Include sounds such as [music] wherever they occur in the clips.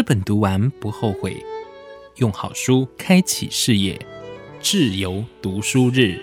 這本讀完不後悔，用好書開啟事業，智由讀書日。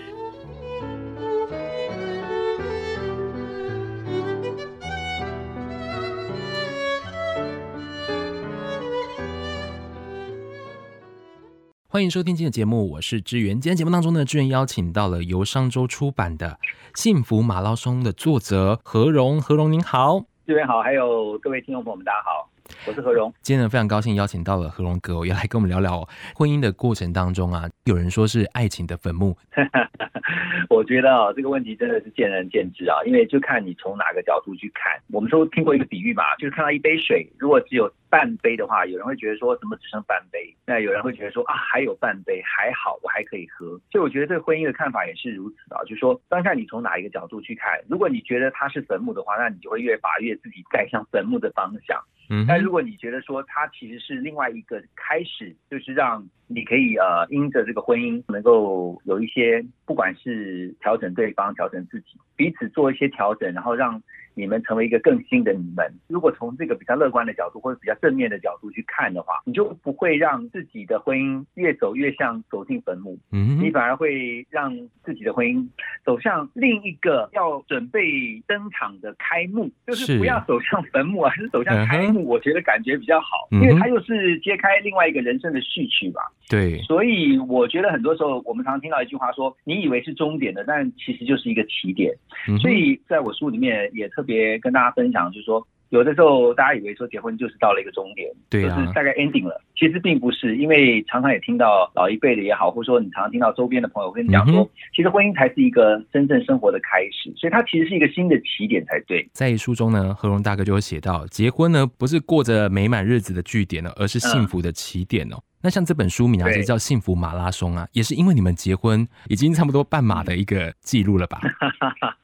歡迎收聽今天的節目，我是志源。今天節目當中呢，志源邀請到了由商周出版的《幸福馬拉松》的作者何戎。何戎您好，志遠好，還有各位聽眾朋友們，大家好。我是何戎，今天呢非常高興邀請到了何戎哥、哦，我也來跟我們聊聊、哦、婚姻的過程當中啊。有人說是愛情的墳墓， [laughs] 我覺得、哦、這個問題真的是見仁見智啊，因為就看你從哪個角度去看。我們都聽過一個比喻吧，就是看到一杯水，如果只有半杯的話，有人會覺得說怎麼只剩半杯？那有人會覺得說啊，還有半杯，還好我還可以喝。所以我覺得對婚姻的看法也是如此啊，就說當下你從哪一個角度去看，如果你覺得它是墳墓的話，那你就會越發越自己帶向墳墓的方向。嗯，但如果你覺得說它其實是另外一個開始，就是讓你可以呃，因着這個婚姻能夠有一些，不管是調整對方、調整自己，彼此做一些調整，然後讓。你們成為一個更新的你們。如果從這個比較樂觀的角度或者比較正面的角度去看的話，你就不會讓自己的婚姻越走越像走進墳墓，嗯哼，你反而會讓自己的婚姻走向另一個要準備登場的開幕，就是不要走向墳墓，而是走向開幕。是我覺得感覺比較好，嗯、哼因為它又是揭開另外一個人生的序曲嘛。對，所以我覺得很多時候我們常聽到一句話說：“你以為是終點的，但其實就是一個起點。嗯哼”所以在我書裡面也特。別跟大家分享，就是說，有的時候大家以為說結婚就是到了一個終點，對啊，就是大概 ending 了。其實並不是，因為常常也聽到老一輩的也好，或者說你常常聽到周邊的朋友跟你講說，嗯、哼其實婚姻才是一個真正生活的開始，所以它其實是一個新的起點才對。在一書中呢，何戎大哥就會寫到，結婚呢，不是過着美滿日子的句點呢，而是幸福的起點哦。嗯、那像這本書名字、啊、對叫《幸福馬拉松》啊，也是因為你們結婚已經差不多半馬的一個記錄了吧？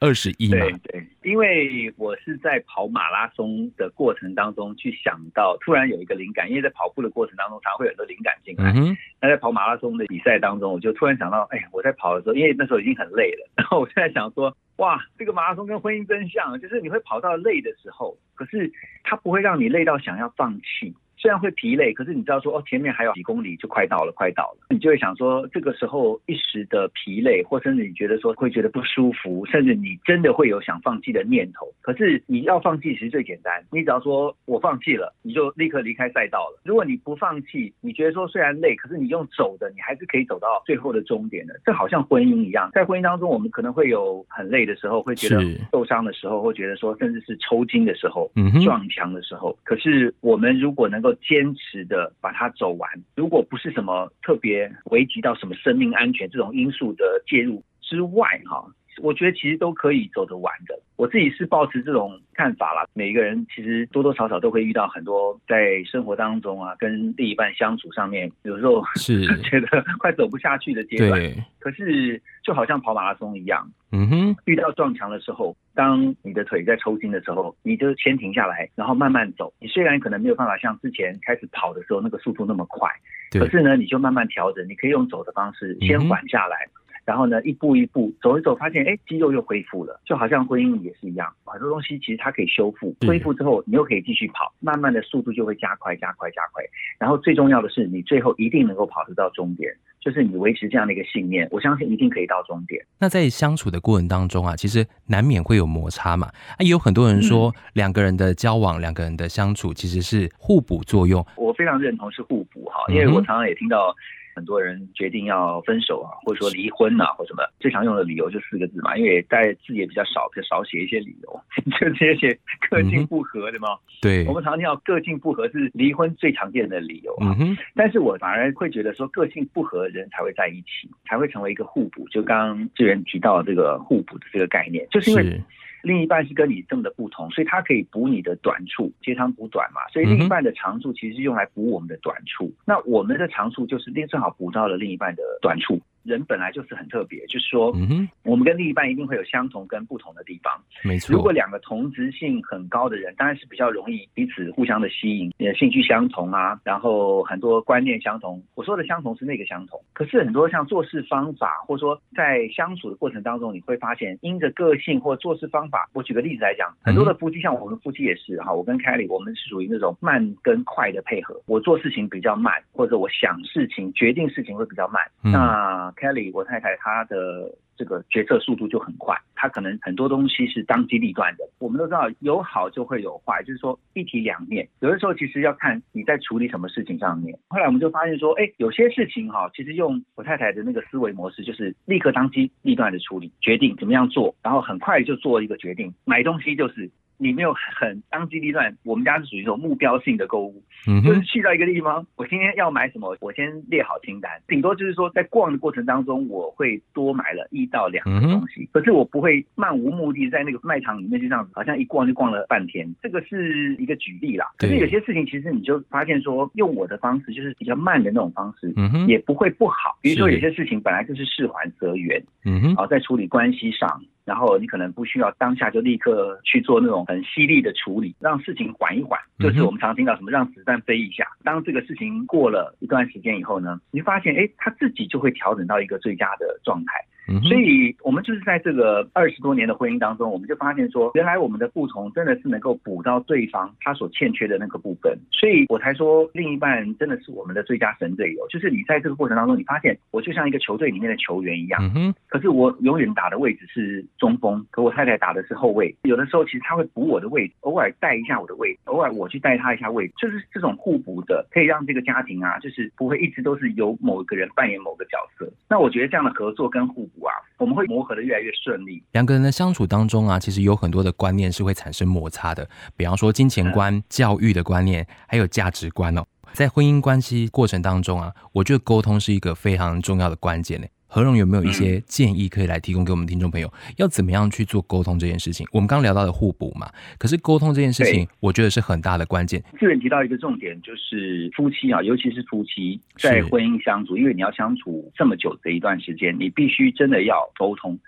二十一嘛。對，因為我是在跑馬拉松的過程當中去想到，突然有一個靈感，因為在跑步的過程當。當中常會有很多靈感進來。嗯，那在跑馬拉松的比賽當中，我就突然想到，哎，我在跑的時候，因為那時候已經很累了。然後我現在想說，哇，這個馬拉松跟婚姻真像，就是你會跑到累的時候，可是它不會讓你累到想要放棄。雖然會疲累，可是你知道說哦，前面還有幾公里就快到了，快到了，你就會想說這個時候一時的疲累，或甚至你覺得說會覺得不舒服，甚至你真的會有想放棄的念頭。可是你要放棄其實最簡單，你只要說我放棄了，你就立刻離開賽道了。如果你不放棄，你覺得說雖然累，可是你用走的，你還是可以走到最後的終點的。這好像婚姻一樣，在婚姻當中，我們可能會有很累的時候，會覺得受傷的時候，會覺得說甚至是抽筋的時候，撞牆的時候。是。嗯哼。可是我們如果能夠堅持的把它走完，如果不是什麼特別危及到什麼生命安全這種因素的介入之外，哈。我覺得其實都可以走得完的，我自己是抱持這種看法啦。每一個人其實多多少少都會遇到很多在生活當中啊，跟另一半相處上面，有時候是覺得快走不下去的階段。對可是就好像跑馬拉松一樣，嗯哼，遇到撞牆的時候，當你的腿在抽筋的時候，你就先停下來，然後慢慢走。你雖然可能沒有辦法像之前開始跑的時候那個速度那麼快，對可是呢，你就慢慢調整，你可以用走的方式先緩下來。嗯然後呢，一步一步走一走，發現誒，肌肉又恢復了，就好像婚姻也是一樣，很多東西其實它可以修復，恢復之後你又可以繼續跑，慢慢的速度就會加快、加快、加快。然後最重要的是，你最後一定能夠跑得到終點，就是你維持這樣的一個信念，我相信一定可以到終點。那在相處的過程當中啊，其實難免會有摩擦嘛，啊，有很多人說，嗯，兩個人的交往、兩個人的相處其實是互補作用，我非常認同是互補哈，因為我常常也聽到。嗯很多人決定要分手啊，或者說離婚啊，或什麼最常用的理由就四個字嘛，因為在字也比較少，就少寫一些理由，就直接寫個性不合的嘛，的嗎、嗯？對，我們常聽到個性不合是離婚最常見的理由啊。嗯、哼但是我反而會覺得說，個性不合的人才會在一起，才會成為一個互補。就剛剛志源提到這個互補的這個概念，就是因為。另一半是跟你這麼的不同，所以他可以補你的短處，截長補短嘛。所以另一半的長處，其實是用來補我們的短處。那我們的長處，就是正好補到了另一半的短處。人本來就是很特別，就是說，嗯、哼我們跟另一半一定會有相同跟不同的地方。沒錯，如果兩個同質性很高的人，當然是比較容易彼此互相的吸引，你的興趣相同啊，然後很多觀念相同。我說的相同是那個相同，可是很多像做事方法，或者說在相處的過程當中，你會發現，因着個性或做事方法。我舉個例子來講，很多的夫妻，嗯、哼像我們夫妻也是哈，我跟凱莉，我們是屬於那種慢跟快的配合。我做事情比較慢，或者我想事情、決定事情會比較慢。嗯、那 Kelly，我太太她的這個決策速度就很快，她可能很多東西是當機立斷的。我們都知道有好就會有壞，就是說一體兩面。有的時候其實要看你在處理什麼事情上面。後來我們就發現說，哎，有些事情哈、哦，其實用我太太的那個思維模式，就是立刻當機立斷的處理，決定怎麼樣做，然後很快就做一個決定。買東西就是。你沒有很當機立斷，我們家是屬於這種目標性的購物，嗯哼就是去到一個地方，我今天要買什麼，我先列好清單，頂多就是說在逛的過程當中，我會多買了一到兩個東西，嗯、哼可是我不會漫無目的在那個賣場裡面就這樣子，好像一逛就逛了半天。這個是一個舉例啦，可是有些事情其實你就發現說，對用我的方式就是比較慢的那種方式，嗯哼，也不會不好。是比如說有些事情本來就是事緩則圓，嗯哼，好、哦、在處理關係上，然後你可能不需要當下就立刻去做那種很犀利的處理，讓事情緩一緩，就是我們常聽到什麼讓子彈飛一下。當這個事情過了一段時間以後呢，你發現誒他自己就會調整到一個最佳的狀態。嗯哼，所以，我們就是在這個二十多年的婚姻當中，我們就發現說，原來我們的不同真的是能夠補到對方他所欠缺的那個部分。所以我才說，另一半真的是我們的最佳神隊友。就是你在這個過程當中，你發現我就像一個球隊裡面的球員一樣，可是我永遠打的位置是中鋒，可我太太打的是後衛。有的時候其實他會補我的位置，偶爾帶一下我的位置，偶爾我去帶他一下位置，就是這種互補的，可以讓這個家庭啊，就是不會一直都是由某一個人扮演某個角色。那我覺得這樣的合作跟互。哇，我們會磨合得越來越順利。兩個人的相處當中啊，其實有很多的觀念是會產生摩擦的，比方說金錢觀、嗯、教育的觀念，還有價值觀哦、喔。在婚姻關係過程當中啊，我覺得溝通是一個非常重要的關鍵何戎有沒有一些建議可以來提供給我們聽眾朋友？要怎麼樣去做溝通這件事情？我們剛聊到的互補嘛，可是溝通這件事情，我覺得是很大的關鍵。志遠、嗯、提到一個重點，就是夫妻啊，尤其是夫妻在婚姻相處，因為你要相處這麼久的一段時間，你必須真的要溝通。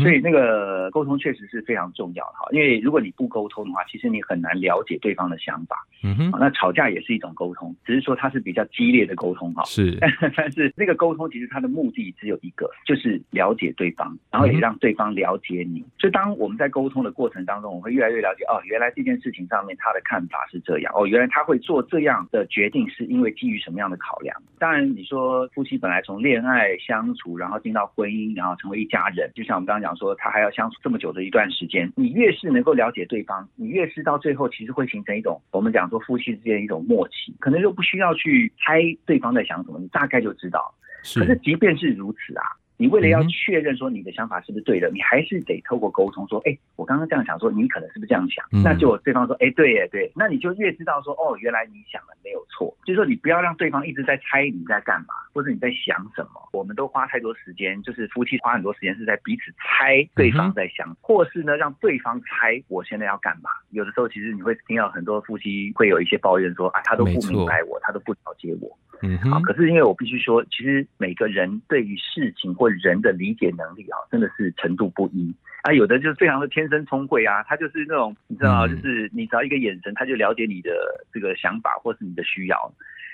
所以那個溝通確實是非常重要的哈，因為如果你不溝通的話，其實你很難了解對方的想法。嗯哼，那吵架也是一種溝通，只是說它是比較激烈的溝通哈。是，但是那個溝通其實它的目的只有一，一個就是了解對方，然後也讓對方了解你。所以，嗯，當我們在溝通的過程當中，我會越來越了解哦，原來這件事情上面他的看法是這樣哦，原來他會做這樣的決定是因為基於什麼樣的考量？當然，你說夫妻本來從戀愛相處，然後進到婚姻，然後成為一家人，就像我們剛剛講說，他還要相處這麼久的一段時間，你越是能夠了解對方，你越是到最後，其實會形成一種我們講說夫妻之間一種默契，可能就不需要去猜對方在想什麼，你大概就知道。可是即便是如此啊，你為了要確認說你的想法是不是對的，嗯、你還是得透過溝通說，哎，我剛剛這樣想說，說你可能是不是這樣想？嗯、那就對方說，哎，對，對，那你就越知道說，哦，原來你想的沒有錯。就是說，你不要讓對方一直在猜你在幹嘛，或者你在想什麼。我們都花太多時間，就是夫妻花很多時間是在彼此猜對方在想，嗯、哼或是呢，讓對方猜我現在要幹嘛。有的時候，其實你會聽到很多夫妻會有一些抱怨說，啊，他都不明白我，錯他都不了解我。嗯，好、啊。可是因為我必須說，其實每個人對於事情或人的理解能力啊，真的是程度不一。啊，有的就是非常的天生聰慧啊，他就是那種你知道，就是你只要一個眼神，他就了解你的這個想法或是你的需要。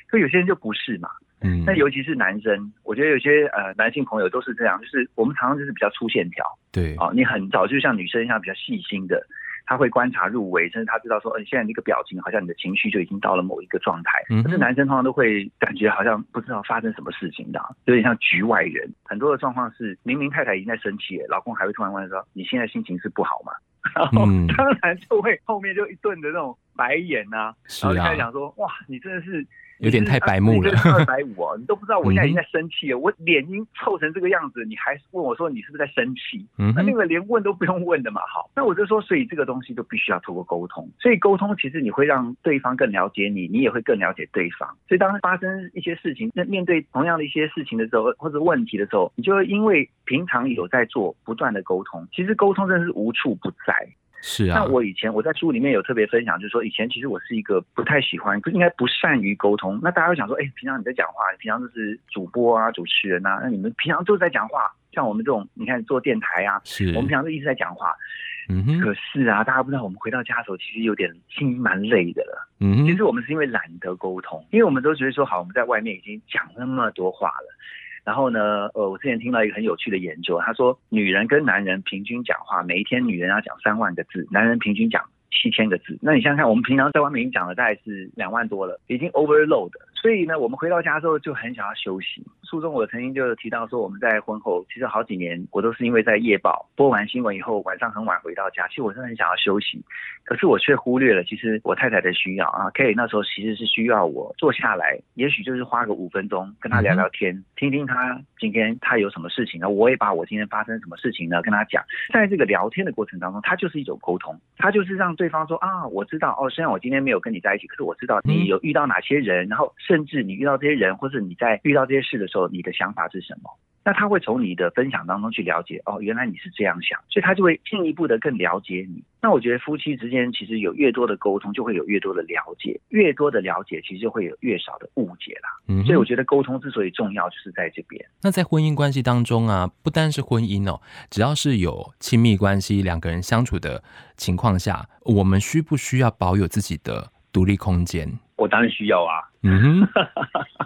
可有些人就不是嘛，嗯。那尤其是男生，我覺得有些呃男性朋友都是這樣，就是我們常常就是比較粗線條。對啊，你很早就像女生一樣比較細心的。他會觀察入微，甚至他知道說，嗯、欸，現在那個表情好像你的情緒就已經到了某一個狀態。可是男生通常都會感覺好像不知道發生什麼事情的，就有點像局外人。很多的狀況是，明明太太已經在生氣了，老公還會突然問說：“你現在心情是不好嗎？”然後當然就會後面就一頓的那種白眼吶、啊，然後、啊、就開始想說：“哇，你真的是。”有點太白目了，二百五，你都不知道我現在已經在生氣了，嗯、哼我臉已經臭成這個樣子，你還問我說，你是不是在生氣？那、嗯哼啊、那個連問都不用問的嘛，好，那我就說，所以這個東西就必須要透過溝通。所以溝通其實你會讓對方更了解你，你也會更了解對方。所以當發生一些事情，那面對同樣的一些事情的時候，或者問題的時候，你就會因為平常有在做不斷的溝通，其實溝通真的是無處不在。是啊，那我以前我在書裡面有特別分享，就是說以前其實我是一個不太喜歡，應該不善於溝通。那大家會想說，哎、欸，平常你在講話，你平常都是主播啊、主持人啊，那你們平常都在講話，像我們這種，你看做電台啊，是我們平常都一直在講話。嗯哼，可是啊，大家不知道，我們回到家的時候其實有點心蠻累的了。嗯哼，其實我們是因為懶得溝通，因為我們都覺得說，好，我們在外面已經講那麼多話了。然後呢，呃、哦，我之前聽到一個很有趣的研究，他說女人跟男人平均講話，每一天女人要講三萬個字，男人平均講七千個字。那你想想看，我們平常在外面已經講了大概是兩萬多了，已經 overload。所以呢，我們回到家之後就很想要休息。書中我曾經就提到說，我們在婚後其實好幾年，我都是因為在夜報播完新聞以後，晚上很晚回到家，其實我是很想要休息，可是我卻忽略了其實我太太的需要啊。可以那時候其實是需要我坐下來，也許就是花個五分鐘跟她聊聊天，聽聽她今天她有什麼事情，然後我也把我今天發生什麼事情呢，跟她講。在這個聊天的過程當中，他就是一種溝通，他就是讓對方說啊，我知道哦，雖然我今天沒有跟你在一起，可是我知道你有遇到哪些人，然後甚至，你遇到這些人，或者你在遇到這些事的時候，你的想法是什麼？那他會從你的分享當中去了解，哦，原來你是這樣想，所以他就會進一步的更了解你。那我覺得夫妻之間其實有越多的溝通，就會有越多的了解，越多的了解，其實就會有越少的誤解啦。嗯哼。所以我覺得溝通之所以重要，就是在這邊。那在婚姻關係當中啊，不單是婚姻哦，只要是有親密關係，兩個人相處的情況下，我們需不需要保有自己的獨立空間？我當然需要啊，嗯哼，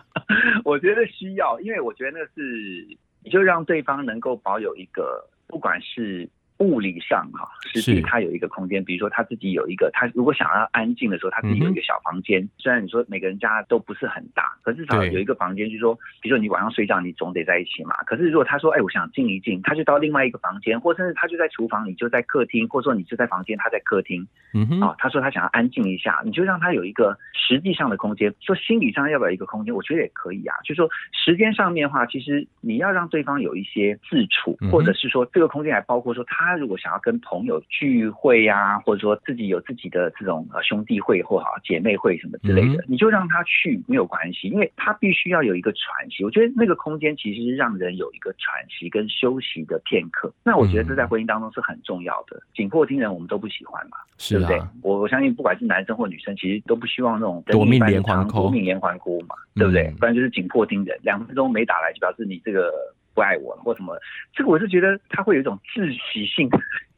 [laughs] 我覺得需要，因為我覺得那是你就讓對方能夠保有一個，不管是，物理上哈、啊，實際他有一個空間，是比如說他自己有一個，他如果想要安靜的時候，他自己有一個小房間。嗯、哼雖然你說每個人家都不是很大，可是至少有一個房間。就是說，對比如說你晚上睡覺，你總得在一起嘛。可是如果他說，哎、欸，我想靜一靜，他就到另外一個房間，或甚至他就在廚房，你就在客廳，或者說你就在房間，他在客廳。嗯哼，啊、哦，他說他想要安靜一下，你就讓他有一個實際上的空間。說心理上要不要有一個空間？我覺得也可以啊。就是說時間上面的話，其實你要讓對方有一些自處，嗯、哼或者是說這個空間還包括說他。他如果想要跟朋友聚會呀、啊，或者說自己有自己的這種兄弟會或好姐妹會什麼之類的，嗯、你就讓他去沒有關係，因為他必須要有一個喘息。我覺得那個空間其實是讓人有一個喘息跟休息的片刻。那我覺得這在婚姻當中是很重要的。嗯、緊迫盯人我們都不喜歡嘛，是、啊、對不對？我我相信不管是男生或女生，其實都不希望那種奪命連環扣，奪命連環扣嘛，嗯、對不對？不然就是緊迫盯人，兩分鐘沒打來就表示你這個。不愛我或什麼，這個我是覺得他會有一種窒息性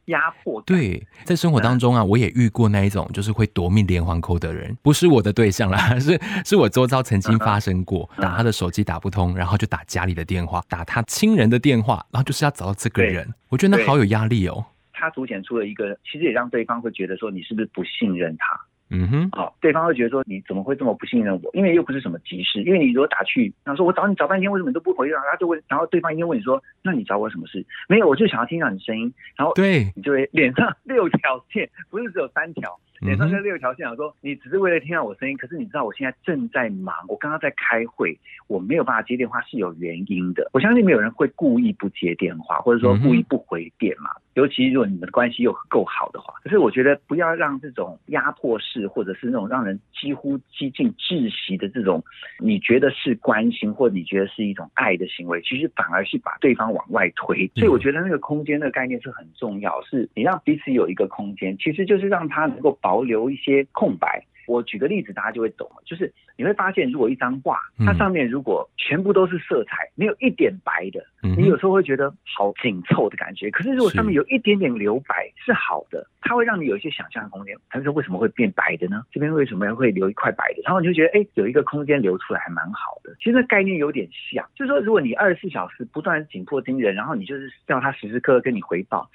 壓迫。對，在生活當中啊，我也遇過那一種就是會奪命連環扣的人，不是我的對象啦，是是我周遭曾經發生過，嗯嗯，打他的手機打不通，然後就打家裡的電話，打他親人的電話，然後就是要找到這個人，我覺得那好有壓力哦。他凸顯出了一個，其實也讓對方會覺得說，你是不是不信任他？嗯哼，好，哦，對方會覺得說你怎麼會這麼不信任我？因為又不是什麼急事。因為你如果打去，然後說我找你找半天，為什麼你都不回？然後他就問，然後對方一定會問你說，那你找我什麼事？沒有，我就想要聽到你聲音。然後對你就會臉上六條線，不是只有三條，臉上就六條線我、嗯、哼說你只是為了聽到我聲音，可是你知道我現在正在忙，我剛剛在開會，我沒有辦法接電話是有原因的。我相信沒有人會故意不接電話，或者說故意不回電嘛。嗯尤其如果你們的關係又夠好的話，可是我覺得不要讓這種壓迫式，或者是那種讓人幾乎接近窒息的這種，你覺得是關心，或你覺得是一種愛的行為，其實反而是把對方往外推。所以我覺得那個空間的概念是很重要，是你讓彼此有一個空間，其實就是讓他能夠保留一些空白。我舉個例子，大家就會懂了。就是你會發現，如果一張畫，它上面如果全部都是色彩，沒有一點白的，你有時候會覺得好緊湊的感覺。可是如果上面有一點點留白，是好的，是它會讓你有一些想象的空間。他們說為什麼會變白的呢？這邊為什麼會留一塊白的？然後你就覺得，哎、欸，有一個空間留出來還蠻好的。其實那概念有點像，就是說，如果你二十四小時不斷緊迫盯人，然後你就是叫他時時刻刻跟你回報。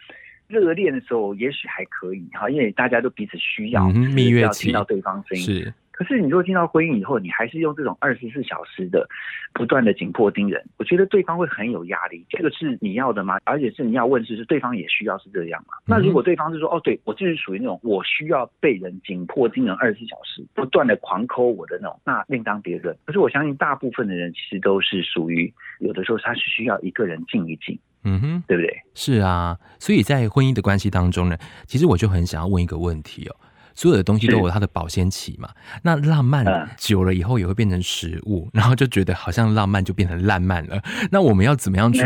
熱戀的時候也許還可以哈，因為大家都彼此需要，蜜月要聽到對方聲音。可是，你如果進到婚姻以後，你還是用這種二十四小時的不斷的緊迫盯人，我覺得對方會很有壓力。這個是你要的嗎？而且是你要問是是，是是對方也需要是這樣嗎？嗯哼，那如果對方就是說哦，對我就是屬於那種我需要被人緊迫盯人二十四小時不斷的狂摳我的那種，那另當別論。可是我相信大部分的人其實都是屬於有的時候他是需要一個人靜一靜，嗯哼，對不對？是啊，所以在婚姻的關係當中呢，其實我就很想要問一個問題哦。所有的東西都有它的保鮮期嘛？是那浪漫久了以後也會變成食物，嗯、然後就覺得好像浪漫就變成爛漫了。那我們要怎麼樣去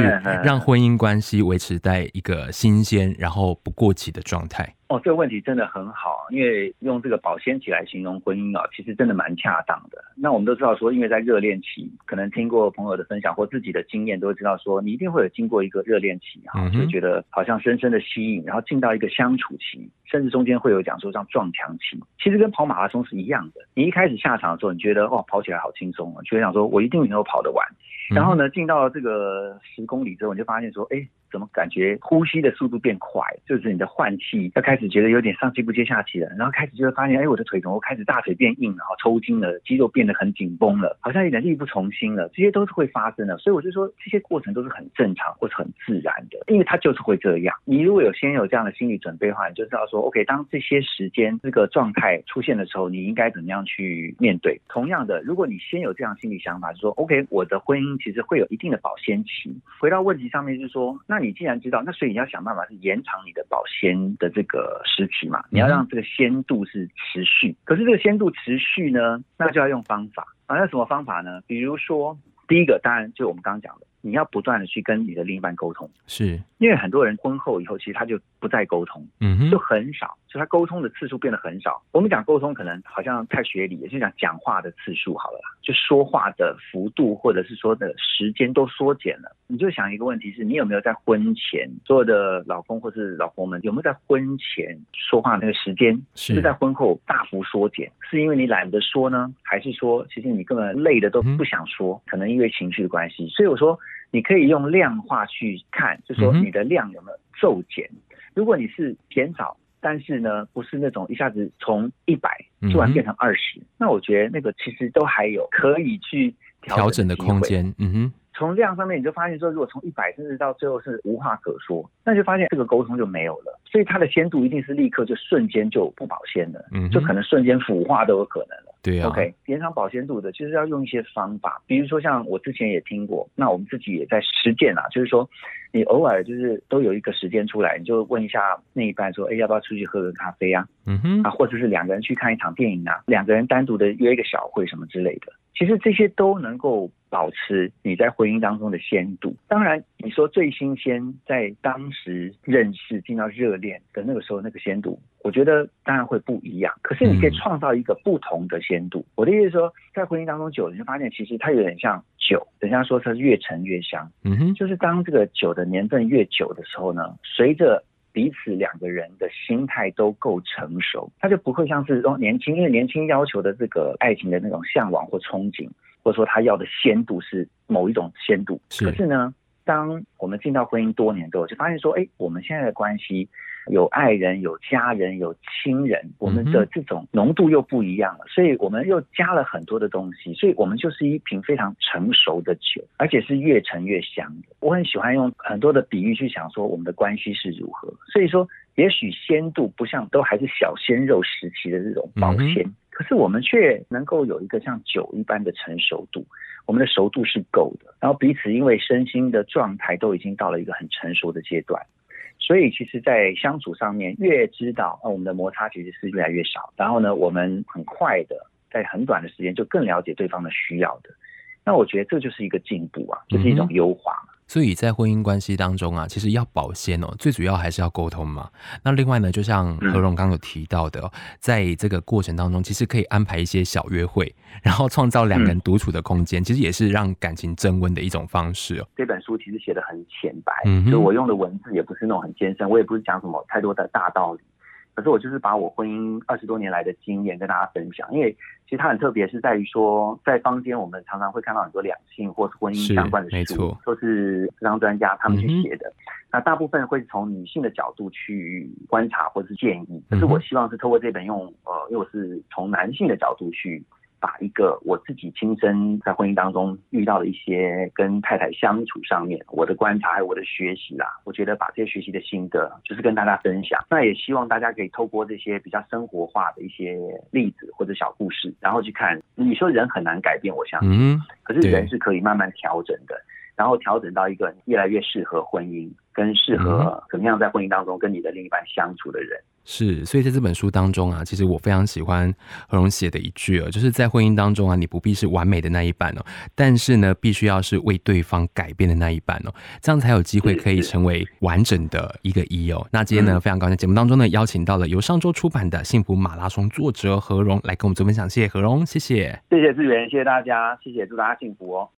讓婚姻關係維持在一個新鮮然後不過期的狀態？哦，這個問題真的很好，因為用這個保鮮期來形容婚姻啊，其實真的蠻恰當的。那我們都知道說，因為在熱戀期，可能聽過朋友的分享或自己的經驗，都會知道說，你一定會有經過一個熱戀期哈、啊，就覺得好像深深的吸引，然後進到一個相處期，甚至中間會有講說像撞牆期，其實跟跑馬拉松是一樣的。你一開始下場的時候，你覺得哦，跑起來好輕鬆啊，就會想說我一定能夠跑得完。然後呢，進到這個十公里之後，你就發現說，哎，怎麼感覺呼吸的速度變快，就是你的換氣要開始。只覺得有點上氣不接下氣了，然後開始就會發現，哎，我的腿疼，我開始大腿變硬，然後抽筋了，肌肉變得很緊繃了，好像有點力不從心了，這些都是會發生的。所以我就說，這些過程都是很正常或是很自然的，因為它就是會這樣。你如果有先有這樣的心理準備的話，你就知道說，OK，當這些時間這個狀態出現的時候，你應該怎麼樣去面對。同樣的，如果你先有這樣心理想法，就說 OK，我的婚姻其實會有一定的保鮮期。回到問題上面，就是說，那你既然知道，那所以你要想辦法是延長你的保鮮的這個。呃，時期嘛，你要讓這個鮮度是持續，可是這個鮮度持續呢，那就要用方法啊，那什麼方法呢？比如說，第一個當然就是我們剛剛講的。你要不斷地去跟你的另一半溝通，是因為很多人婚後以後其實他就不再溝通，嗯，就很少，就他溝通的次數變得很少。我們講溝通，可能好像太學理，也就講講話的次數好了，就說話的幅度或者是說的時間都縮減了。你就想一個問題是，是你有沒有在婚前所有的老公或是老婆們有沒有在婚前說話那個時間是，是在婚後大幅縮減？是因為你懶得說呢，還是說其實你根本累的都不想說？嗯，可能因為情緒的關係，所以我說。你可以用量化去看，就說你的量有沒有驟減。嗯、哼如果你是減少，但是呢，不是那種一下子從一百突然變成二十，嗯哼，那我覺得那個其實都還有可以去調整的，調整的空間。嗯哼，從量上面你就發現說，如果從一百甚至到最後是無話可說，那就發現這個溝通就沒有了。所以它的鮮度一定是立刻就瞬間就不保鮮的，嗯哼，就可能瞬間腐化都有可能了。對呀、啊，OK，延長保鮮度的其實，就是，要用一些方法，比如說像我之前也聽過，那我們自己也在實踐啊，就是說，你偶爾就是都有一個時間出來，你就問一下那一半說，哎，要不要出去喝個咖啡啊，嗯哼，啊，或者是兩個人去看一場電影啊，兩個人單獨的約一個小會什麼之類的。其實這些都能夠保持你在婚姻當中的鮮度。當然，你說最新鮮，在當時認識、進到熱戀的那個時候，那個鮮度，我覺得當然會不一樣。可是你可以創造一個不同的鮮度。我的意思是說，在婚姻當中久，你就發現其實它有點像酒，人家說它越陳越香。嗯哼，就是當這個酒的年份越久的時候呢，隨着彼此兩個人的心態都夠成熟，他就不會像是說、哦、年輕，因為年輕要求的這個愛情的那種向往或憧憬，或者說他要的鮮度是某一種鮮度。可是呢，當我們進到婚姻多年之後，就發現說，哎，我們現在的關係。有愛人，有家人，有親人，我們的這種濃度又不一樣了，嗯、哼所以我們又加了很多的東西，所以我們就是一瓶非常成熟的酒，而且是越陳越香的。我很喜歡用很多的比喻去想說我們的關係是如何，所以說也許鮮度不像都還是小鮮肉時期的這種保鮮，嗯、哼可是我們卻能夠有一個像酒一般的成熟度，我們的熟度是夠的，然後彼此因為身心的狀態都已經到了一個很成熟的階段。所以其實，在相處上面，越知道啊，我們的摩擦其實是越來越少。然後呢，我們很快的，在很短的時間就更了解對方的需要的。那我覺得這就是一個進步啊，這、就是一種優化。嗯所以在婚姻關係當中啊，其實要保鮮哦，最主要還是要溝通嘛。那另外呢，就像何戎剛有提到的哦，在這個過程當中，其實可以安排一些小約會，然後創造兩個人獨處的空間，嗯、其實也是讓感情增溫的一種方式哦。這本書其實寫的很淺白，就、嗯、哼我用的文字也不是那種很艱深，我也不是講什麼太多的大道理。可是我就是把我婚姻二十多年來的經驗跟大家分享，因為其實它很特別，是在於說，在坊間我們常常會看到很多兩性或是婚姻相關的書，是都是當專家他們去寫的。嗯、哼那大部分會是從女性的角度去觀察或是建議，可是我希望是透過這本用呃，又是從男性的角度去。把一個我自己親身在婚姻當中遇到的一些跟太太相處上面，我的觀察還有我的學習啦、啊，我覺得把這些學習的心得，就是跟大家分享。那也希望大家可以透過這些比較生活化的一些例子或者小故事，然後去看。你說人很難改變，我想。嗯。可是人是可以慢慢調整的。然後調整到一個越來越適合婚姻，跟適合怎麼樣在婚姻當中跟你的另一半相處的人是。所以在這本書當中啊，其實我非常喜歡何戎寫的一句哦，就是在婚姻當中啊，你不必是完美的那一半哦，但是呢，必須要是為對方改變的那一半哦，這樣才有機會可以成為完整的一個 E。哦。那今天呢，非常高興節目當中呢，邀請到了由上周出版的《幸福馬拉松》作者何戎來跟我們做分享，謝謝何戎，謝謝，謝謝志源，謝謝大家，謝謝，祝大家幸福哦。